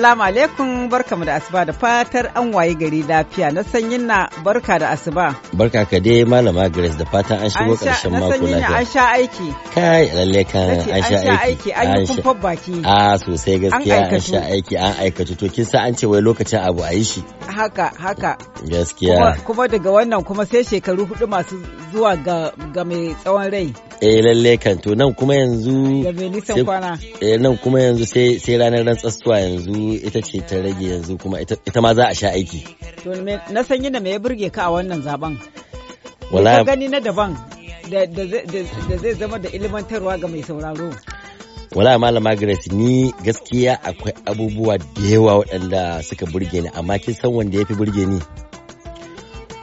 Assalamu alaikum barkamu da asuba da fatar an waye gari lafiya na sanyin na barka da asuba. Barka ka dai malama Grace da fatan an shigo karshen mako lafiya. An sha aiki. Kai lalle kan an sha aiki. An yi kumfan baki. A ah, sosai gaskiya an sha aiki an aikatu to kin sa an ce wai lokacin abu a yi shi. Haka haka. Gaskiya. Kuma daga wannan kuma sai shekaru hudu masu zuwa ga ga mai tsawon rai. Eh lalle kan to nan kuma yanzu. Ga mai nisan kwana. Eh nan kuma yanzu sai ranar rantsatsuwa yanzu ita ce ta rage yanzu kuma ita ma za a sha aiki. Na sanyi da me ya burge ka a wannan zaben? Wala gani na daban da zai zama da ilimantarwa ga mai sauraro. Wala malam Grace ni gaskiya akwai abubuwa da yawa waɗanda suka burge ni amma kin san wanda ya fi burge ni.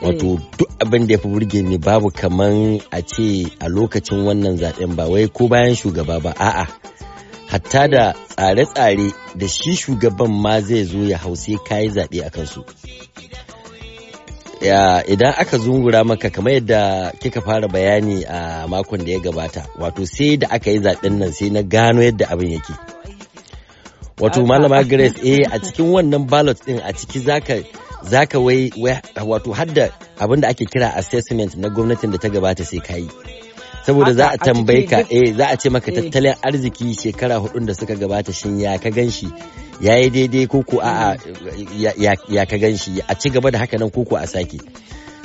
wato eh. duk abin da ya fi burge ni babu kaman a ce a lokacin wannan zaben ba wai ko bayan shugaba ba a'a hatta da tsare-tsare da shi shugaban ma zai zo ya hau sai yi zaɓe a kansu idan aka zungura maka kamar yadda kika fara bayani a makon da ya gabata wato sai da aka yi zaɓen nan sai na gano yadda abin yake wato ah. malama grace eh a cikin wannan ballot din a ciki zaka zaka wai wato hadda abin da ake kira assessment na gwamnatin da ta gabata sai kayi saboda za a tambaye ka eh za a ce maka eh. tattalin arziki shekara hudun da suka gabata shin ya ka ganshi ya yi daidai koko a ya ka ganshi a ci gaba da haka nan koko a sake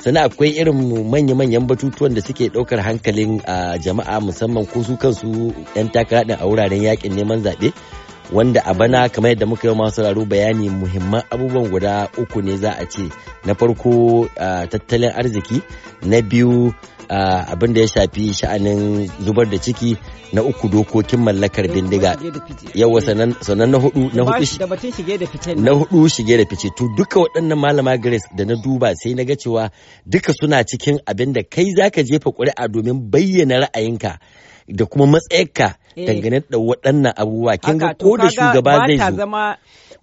sannan akwai irin manya-manyan batutuwan da suke ɗaukar hankalin a jama'a musamman ko su kansu 'yan takara din a wuraren yakin neman zaɓe wanda a bana kamar yadda muka yi masu raro bayani muhimman abubuwan guda uku ne za a ce na farko tattalin arziki na biyu abin da ya shafi sha'anin zubar da ciki na uku dokokin mallakar bindiga yawa sannan na hudu na hudu shige da fice to duka waɗannan malama grace da na duba sai na ga cewa duka suna cikin abin da kai zaka jefa ƙuri'a domin bayyana ra'ayinka da kuma matsayarka eh. dangane da waɗannan abubuwa kin ga ko da shugaba zai zo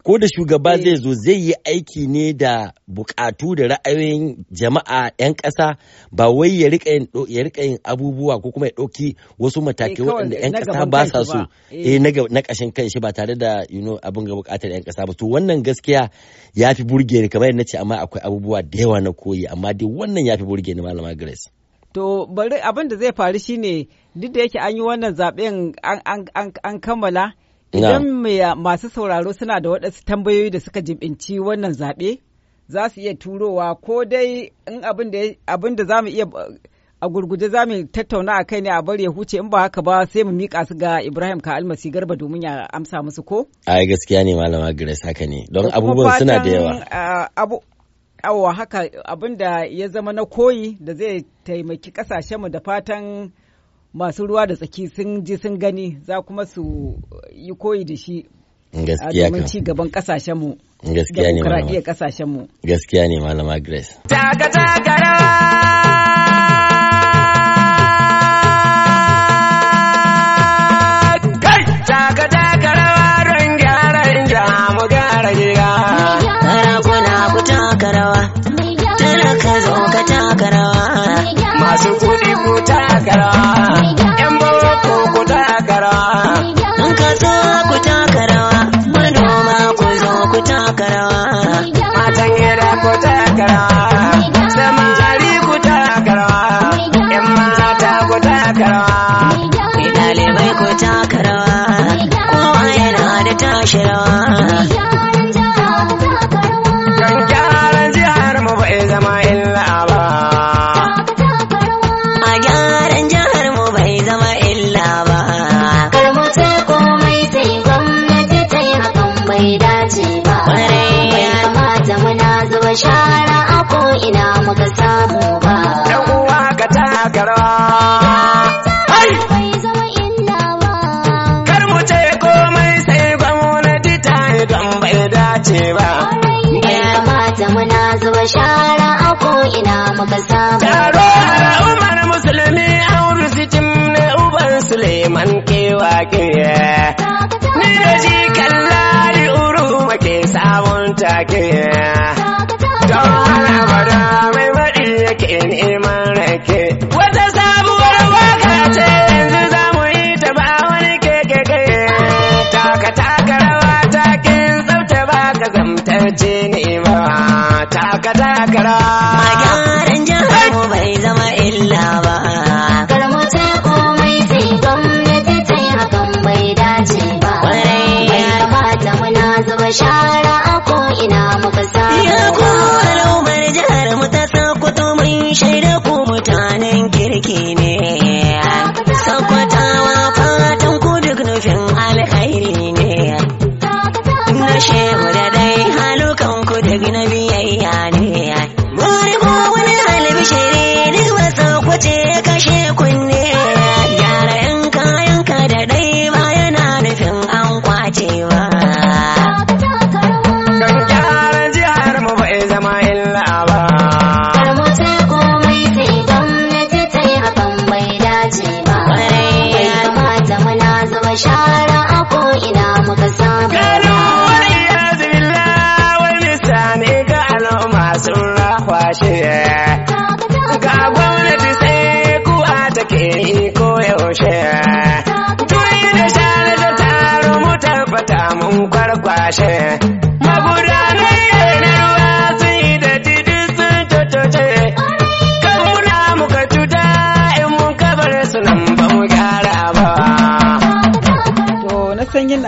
ko da shugaba zai zo zai yi aiki ne da bukatu da ra'ayoyin jama'a 'yan ƙasa ba wai ya rika yin ya yin abubuwa ko kuma ya ɗauki wasu matakai eh, waɗanda 'yan ƙasa ba sa so eh, eh na ƙashin kan shi ba tare da you know abin ga bukatar 'yan ƙasa ba to wannan gaskiya ya fi burge ni kamar yadda ce amma akwai abubuwa da yawa na koyi amma dai wannan yafi fi burge ni malama Grace to bari abin da zai faru shine duk da yake an yi wannan zaben an kammala idan masu sauraro suna da waɗansu tambayoyi da suka jibinci wannan zaɓe za su iya turowa ko dai in abin da za mu iya a gurguje za mu tattauna a kai ne a bari ya huce in ba haka ba sai mu miƙa su ga Ibrahim ka almasi garba domin ya amsa musu ko? A gaskiya ne malama Grace haka ne don abubuwan suna da yawa. Ah, awa haka abin da ya zama na koyi da zai taimaki kasashenmu da fatan masu ruwa da tsaki sun ji sun gani za kuma su yi koyi da shi gaskiya kan ci gaban kasashenmu gaskiya ne malama gaskiya ne malama grace taka taka dace ba. Ya mata muna zuba shara a ko'ina muka samu. Taro a umar musulmi a wuri na uban Suleiman kewa kiyaye. Ni da ji kallari uru make sabon take. Don hana bada mai maɗi yake ne shaida ku mutanen kirki ne shara a ko'ina muka samu. Ganin wani yazila wani sami ga al'umma sun rahwashe. Ga gwamnati sai kuwa take yi ko yaushe. Tuni da shara ta taro mu tabbata mun kwarkwashe.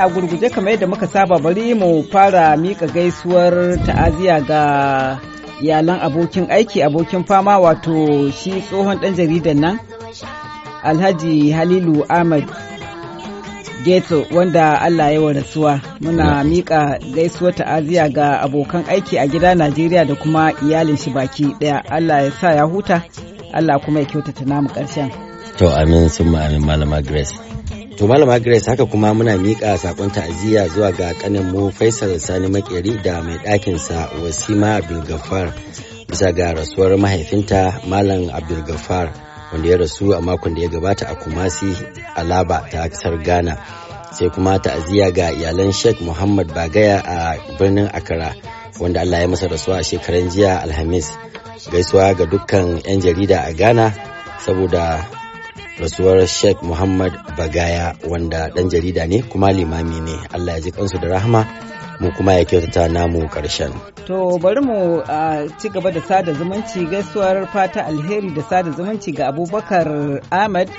a gurguje kamar yadda muka saba bari mu fara mika gaisuwar ta'aziya ga iyalan abokin aiki abokin fama wato shi tsohon ɗan jaridan nan alhaji halilu ahmad geto wanda allah ya rasuwa muna mika gaisuwar ta'aziya ga abokan aiki a gida najeriya da kuma iyalin shi baki daya allah ya sa ya huta allah kuma ya kyautata namu ƙarshen to amin sun amin malama grace To Malama Grace haka kuma muna miƙa sakon ta'aziyya zuwa ga kanin mu Faisal Sani Makeri da mai ɗakin sa Wasima abdulgafar bisa ga rasuwar mahaifinta Malam Abdulgafar, Gafar wanda ya rasu a makon da ya gabata a Kumasi Alaba ta kasar Ghana. Sai kuma ta'aziyya ga iyalan Sheikh Muhammad Bagaya a birnin Akara, wanda Allah ya masa rasuwa a shekaran jiya Alhamis. Gaisuwa ga dukkan 'yan jarida a Ghana saboda rasuwar sheikh muhammad bagaya wanda ɗan jarida ne kuma limami ne allah ya ji kansu da rahama mu kuma ya kyautata namu ƙarshen. to bari mu ci gaba da sada zumunci gaisuwar fata alheri da sada zumunci ga abubakar ahmad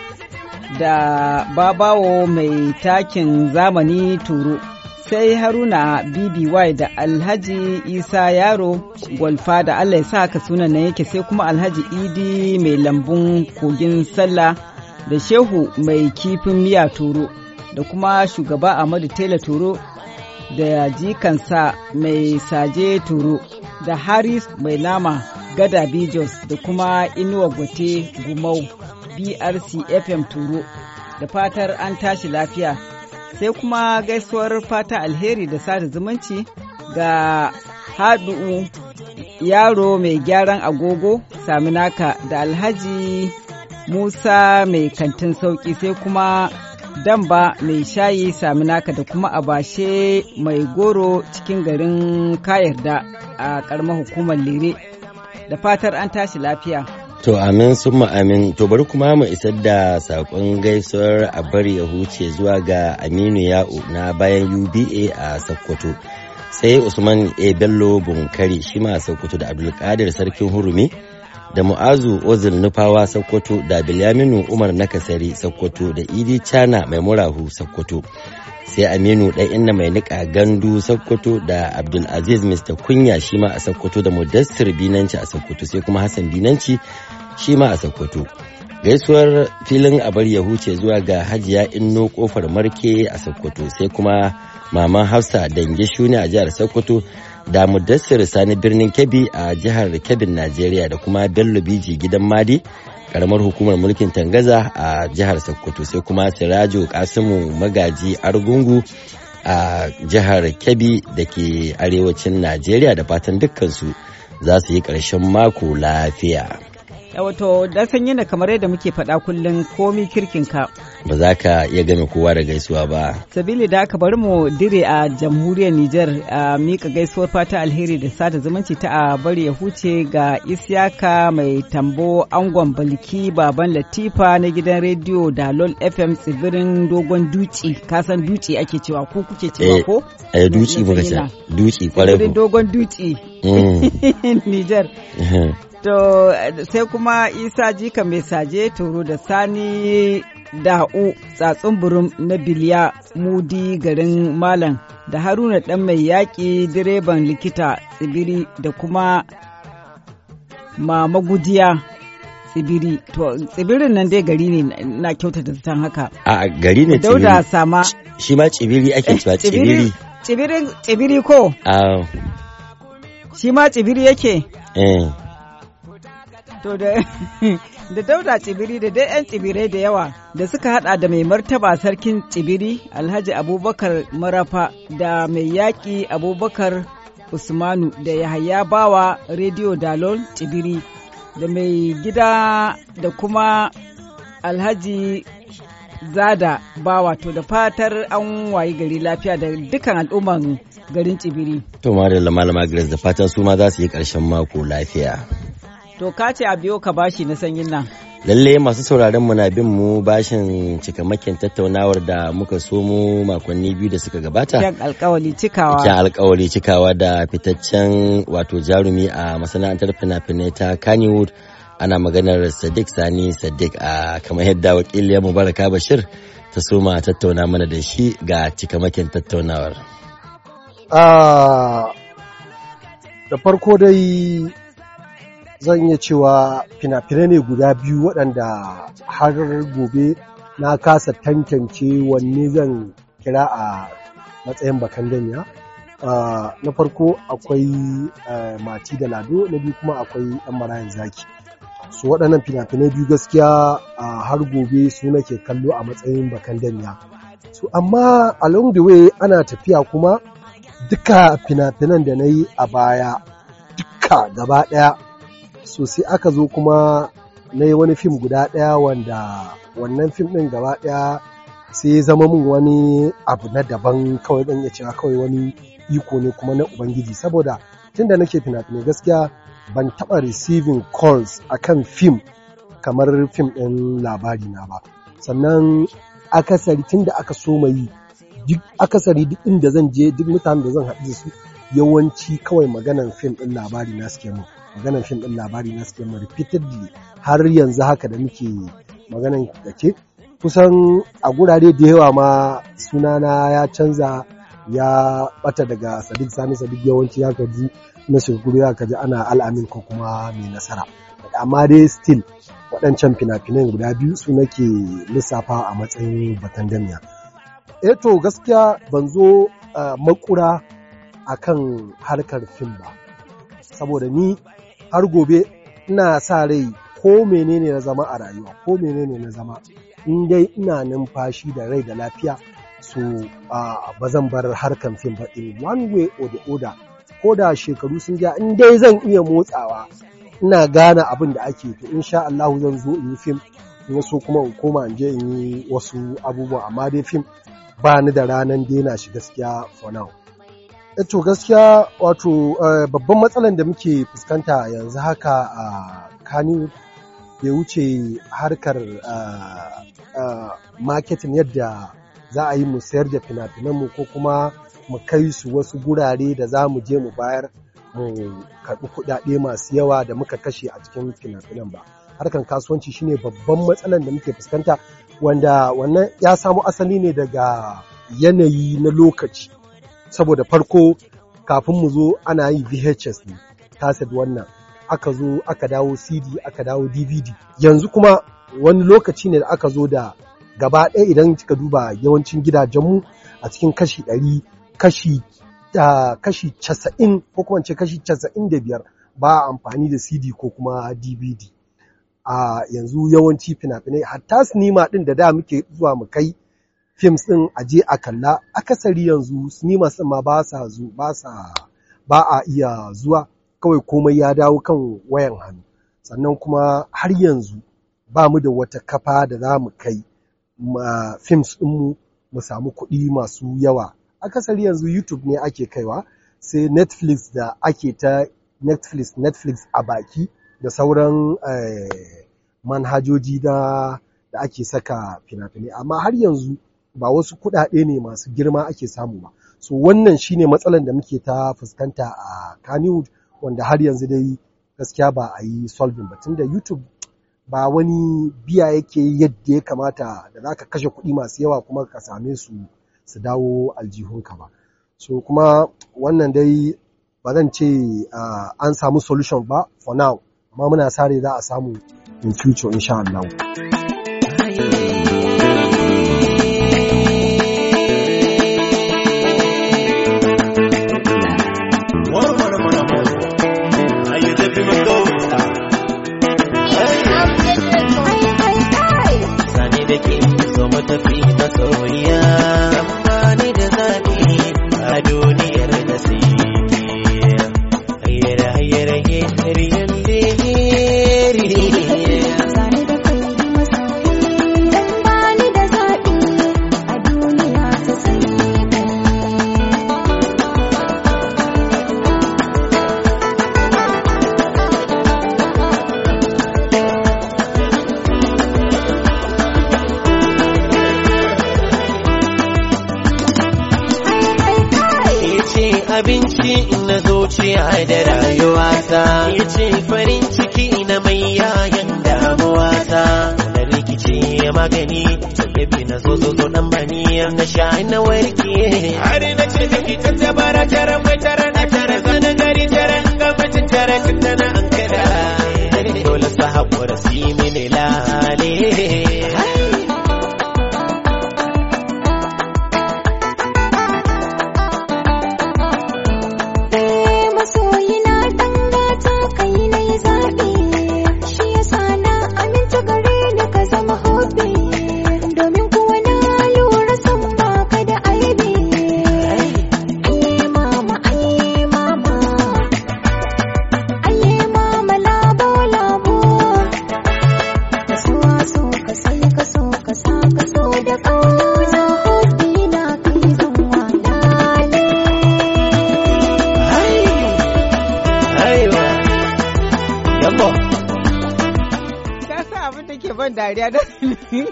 da babawo mai takin zamani turu sai haruna bby da alhaji isa yaro gwalfa da allah ya sa haka sunan nan yake sai kuma alhaji idi mai lambun kogin sallah da shehu mai kifin miya toro da kuma shugaba Ahmadu Tela toro da jikansa mai saje toro da Haris mai nama gada Bijos da kuma inuwa gote gumau BRC FM toro da fatar an tashi lafiya sai kuma gaisuwar fata alheri da sada zumunci ga haɗu'u yaro mai gyaran agogo saminaka da alhaji Musa mai kantin sauƙi sai kuma damba mai shayi saminaka da kuma abashe mai goro cikin garin kayarda a karamar hukumar lere da fatar an tashi lafiya. To amin sun amin to bari kuma mu isar da saƙon gaisuwar a bari ya huce zuwa ga Aminu Ya'u na bayan UBA a Sokoto. Sai Usman E. Bello Bunkari shi ma Sokoto da Abdulkadir Sarkin Hurumi da mu'azu ozil nufawa sokoto da bilyaminu umar nakasari sokoto da idi chana mai murahu sokoto sai aminu ɗan inna mai niƙa gandu sokoto da abdulaziz mr kunya shi ma a sokoto da mudassir binanci a sokoto sai kuma hassan binanci shi ma a sokoto gaisuwar filin a bar ya huce zuwa ga hajiya inno kofar marke a sokoto sai kuma maman hafsa dange shuni a jihar sokoto da mudassir sani birnin kebbi a jihar kebin najeriya da kuma bello biji gidan madi karamar hukumar mulkin tangaza a jihar sokoto sai kuma sirajo kasimu magaji argungu a jihar kebbi da ke arewacin najeriya da fatan dukkansu za su yi ƙarshen mako lafiya. Eh, wato da san yana kamar yadda muke faɗa kullum komi kirkin ka ba za ka iya game kowa da gaisuwa ba sabili da aka bari mu dire a jamhuriyar Nijar a mika gaisuwar fata alheri da sada zumunci ta a bari ya huce ga Isiyaka mai tambo angon balki baban Latifa na gidan rediyo da lol FM tsibirin dogon duci kasan duci ake cewa ko kuke cewa ko eh, eh, duci muka ce dogon duci mm. Nijar To sai kuma Isa Jika mai saje toro da Sani Da'u tsatsun burum na Biliya Mudi garin Malam da Haruna ɗan mai yaƙi direban likita tsibiri da kuma Mama Gudiya tsibiri to tsibirin nan dai gari ne na kyautata zaton haka a gari ne tsibiri dauda sama shi ma tsibiri ake eh, cewa tsibiri tsibirin tsibiri ko shi ma tsibiri yake eh To da dauda tsibiri da dai 'yan tsibirai da yawa da suka hada da mai martaba sarkin tsibiri Alhaji Abubakar Marafa da mai yaƙi Abubakar Usmanu da Yahaya Bawa Rediyo Dalon tsibiri da mai gida da kuma Alhaji Zada Bawa to da fatar an wayi gari lafiya da dukkan al'umman garin tsibiri. To malama da fatan su ma za su yi ƙarshen mako lafiya. To ka ce a biyo ka bashi na sanyin nan. Lalle masu sauraron mu na bin mu bashin cikamakin tattaunawar da muka so mu makonni biyu da suka gabata. Kyan alkawali cikawa. Kyan alkawali cikawa da fitaccen wato jarumi a masana'antar fina-finai ta Kannywood. ana maganar sadiq sani sadiq a kamar yadda ya mubaraka bashir ta soma tattauna mana da shi ga cikamakin tattaunawar ah, da farko dai zan iya cewa fina-finai ne guda biyu waɗanda har gobe na kasa tantance wanne zan kira a matsayin bakan danya na farko akwai mati da lado na biyu kuma akwai ɗan marayan zaki su waɗannan fina-finai biyu gaskiya har gobe su nake kallo a matsayin bakan danya su amma along the way ana tafiya kuma duka fina-finan da na yi a baya duka gaba ɗaya Sosai aka zo kuma na yi wani fim guda ɗaya wanda wannan fim ɗin gaba ɗaya sai ya zama min wani abu na daban kawai zan iya cewa kawai wani iko ne kuma na ubangiji saboda tun da nake fina-finai gaskiya ban taɓa receiving calls a kan fim kamar fim ɗin labari na ba sannan akasari tun da aka so yi duk akasari duk inda zan je duk mutanen da zan haɗu da su yawanci kawai maganan fim ɗin labari na suke mu maganan fim din labari na suke mu repeatedly har yanzu haka da muke maganan da ke kusan a gurare da yawa ma sunana ya canza ya bata daga sadiq sani sadiq yawanci ya kaji na shirguru ya kaji ana al'amin ko kuma mai nasara amma dai still waɗancan fina-finan guda biyu su nake lissafa a matsayin batan damiya eto eh to gaskiya ban zo eh, makura a kan harkar fim ba saboda ni har gobe ina sa rai ko menene na zama a rayuwa ko menene na zama in dai ina numfashi da rai da lafiya so ba zan bar harkan fim ba in one way or the other ko da shekaru sun ja in dai zan iya motsawa ina gane abin da ake to insha Allah zan zo in yi fim in so kuma in koma in je in yi wasu abubuwa amma dai fim ba ni da ranan daina shi gaskiya for now eto eh, gaskiya wato eh, babban matsalan da muke fuskanta yanzu haka a kani bai wuce harkar eh, maketin yadda za a yi mu sayar da fina mu ko kuma mu kai su wasu gurare da za mu je mu bayar mu karɓi kuɗaɗe masu yawa da muka kashe a cikin fina-finan ba harkar kasuwanci shine babban matsalan da muke fuskanta wanda wannan ya samo asali ne daga yanayi na lokaci saboda farko kafin mu zo ana yi VHS ne kaset wannan aka zo aka dawo CD aka dawo DVD yanzu kuma wani lokaci ne da aka zo da gaba ɗaya idan kika duba yawancin gidajenmu a cikin kashi ɗari kashi ah, kashi casa'in ko kuma ce kashi casa'in da biyar ba amfani da CD ko kuma DVD a ah, yanzu yawanci fina-finai hatta sinima ɗin da da muke zuwa mu kai Fims ɗin a je a kalla akasari yanzu cinemas ɗin ma ba sa ba sa ba a iya zuwa kawai komai ya dawo kan wayan hannu sannan kuma har yanzu ba mu da wata kafa da za mu kai ma films ɗinmu mu samu kuɗi masu yawa akasari yanzu youtube ne ake kaiwa sai netflix da ake ta netflix netflix a baki da sauran eh, manhajoji da da ake saka fina-finai amma har yanzu ba wasu kuɗaɗe ne masu girma ake samu ba so wannan shine matsalan da muke ta fuskanta a Kannywood wanda har yanzu dai gaskiya ba a yi solving ba tunda YouTube ba wani biya yake yadda ya kamata da za ka kashe kuɗi masu yawa kuma ka same su su dawo aljihunka ba so kuma wannan dai ba zan ce an samu solution ba for now amma muna sare za a samu in future insha Allah.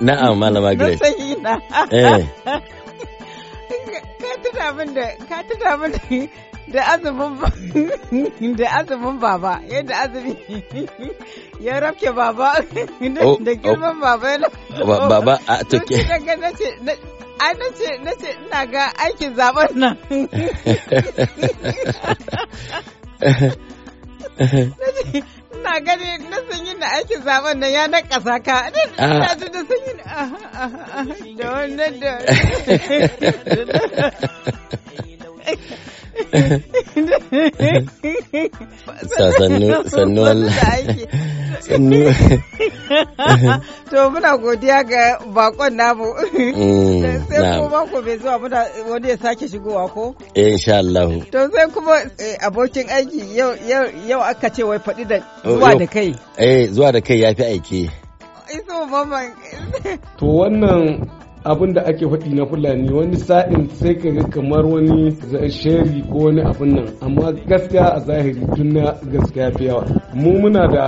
na'am malama grace na eh ka tuna min da ka tuna min da azumin da azumin baba yadda azumi ya rafke baba oh, da oh. girman baba baba a toke ai na ce na ce ina ga aikin zaben nan ina gani na san na aikin zaben nan ya na ƙasa ka ah. na ji da sun da wannan da sannu sannu sannu to muna godiya ga bakon namu mm, sai kuma ku bai zuwa muna wani ya sake shigowa ko eh, insha Allah to sai kuma eh, abokin aiki yau yau aka ce wai faɗi da oh, zuwa da kai eh zuwa da kai ya fi aiki iso to wannan abin da ake faɗi na fulani wani sa'in sai ka ga kamar wani sheri ko wani abin nan amma gaskiya a zahiri tun na gaskiya fi yawa mu muna da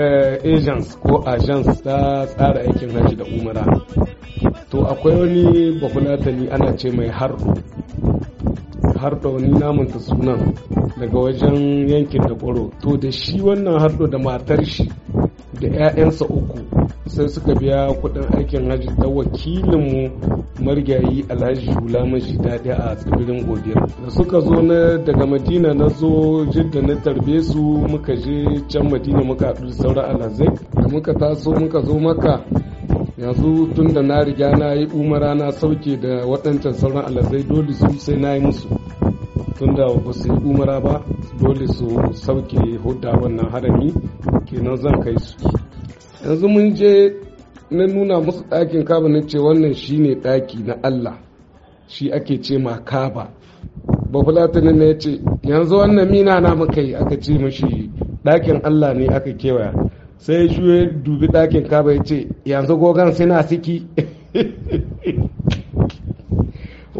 eh, agents ko agents ta tsara aikin haji da umara to akwai wani bafulatani ana ce mai harɗo harɗo ni namunta sunan daga wajen yankin da to da shi wannan harɗo da matar shi da 'ya'yansa uku sai suka biya kudin aikin hajji ta wakilinmu marigayi alhaji hula mashi daɗi a tsibirin godiyar da suka zo na daga madina na zo jidda na tarbe su muka je can madina muka haɗu da sauran alhazai da muka taso muka zo maka yanzu tun da na riga na yi umara na sauke da waɗancan sauran alhazai dole su sai na yi musu tunda ba su yi umara ba dole su sauke hudda wannan harami kenan zan kai su yanzu mun je na nuna musu ɗakin kaba na ce wannan shi ne ɗaki na allah shi ake ce ma kaba bafulatani na ya ce yanzu wannan mina na muka yi aka ce mashi ɗakin allah ne aka kewaya sai shi dubi ɗakin kaba ya ce yanzu gogon suna siki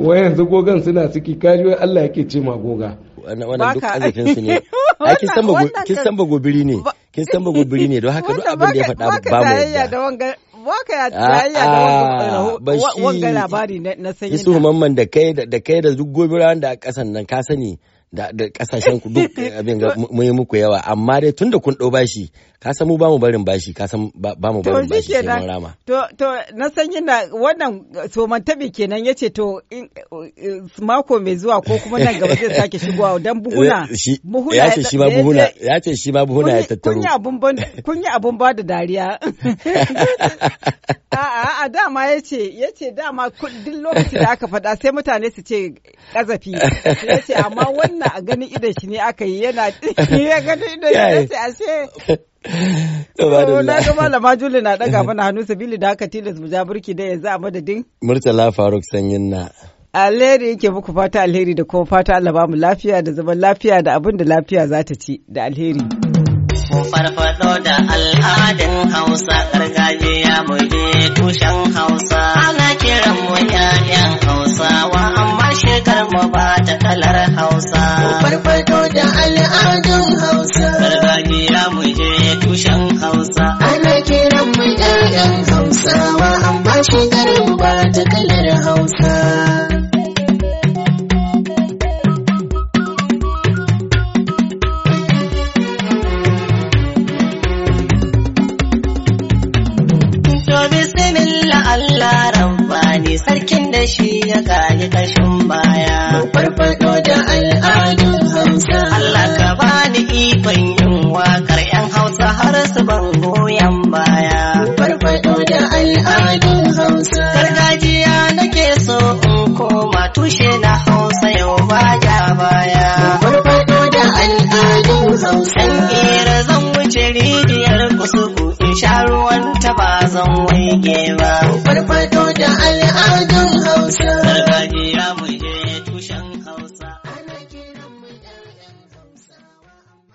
wayan gogan suna ciki kaji Allah yake ce ma goga wannan duk azafin su ne a kin san ba kin gobiri ne kin san ba gobiri ne don haka duk abin da ya faɗa ba mu yadda baka ya tsayayya da wanga ah, ah, labari na sanyi Mamman da kai da kai da duk gobira da a kasan nan ka sani da kasashen ku duk abin ga mun muku yawa amma dai tunda kun dau bashi ka san mu bamu barin bashi ka san bamu barin bashi sai mun rama to to na san yana wannan soman tabi kenan yace to eh, mako mai zuwa ko kuma nan gaba zai sake shigowa dan buhuna eh, buhuna ya ce shi ma buhuna ya ce shi ma buhuna ya tattaro kun yi abun ban kun yi abun ba da dariya a'a a dama yace yace dama duk lokacin da aka faɗa sai mutane su ce kazafi yace amma wannan wannan a gani idan shi ne aka yi yana ya gani idan shi sai ashe Na ga malama Juli na daga mana hannu sabili da haka tilas mu ja burki da yanzu a madadin. Murtala Faruk Sanyin na. Alheri yake muku fata alheri da kuma fata Allah ba mu lafiya da zaman lafiya da abin da lafiya za ta ci da alheri. ku farfado da al'adin Hausa gargajiya mu je tushen Hausa. Ana kiran mu ƴaƴan Hausawa amma shekar mu ba ta kalar Hausa. Ku farfado da al'adun Hausa. Gargajiya mu je tushen Hausa. Ana kiran mu ƴaƴan Hausawa amma shekar mu ba ta kalar Hausa. to bismillah Allah rabbani sarkin da shi ya gani kashin baya. Farfaɗo da al'adun Hausa. Allah ka bani ikon yin waƙar 'yan Hausa har su ban goyon baya. Farfaɗo da al'adun Hausa. gewa ba. Farfado da al'adun Hausa.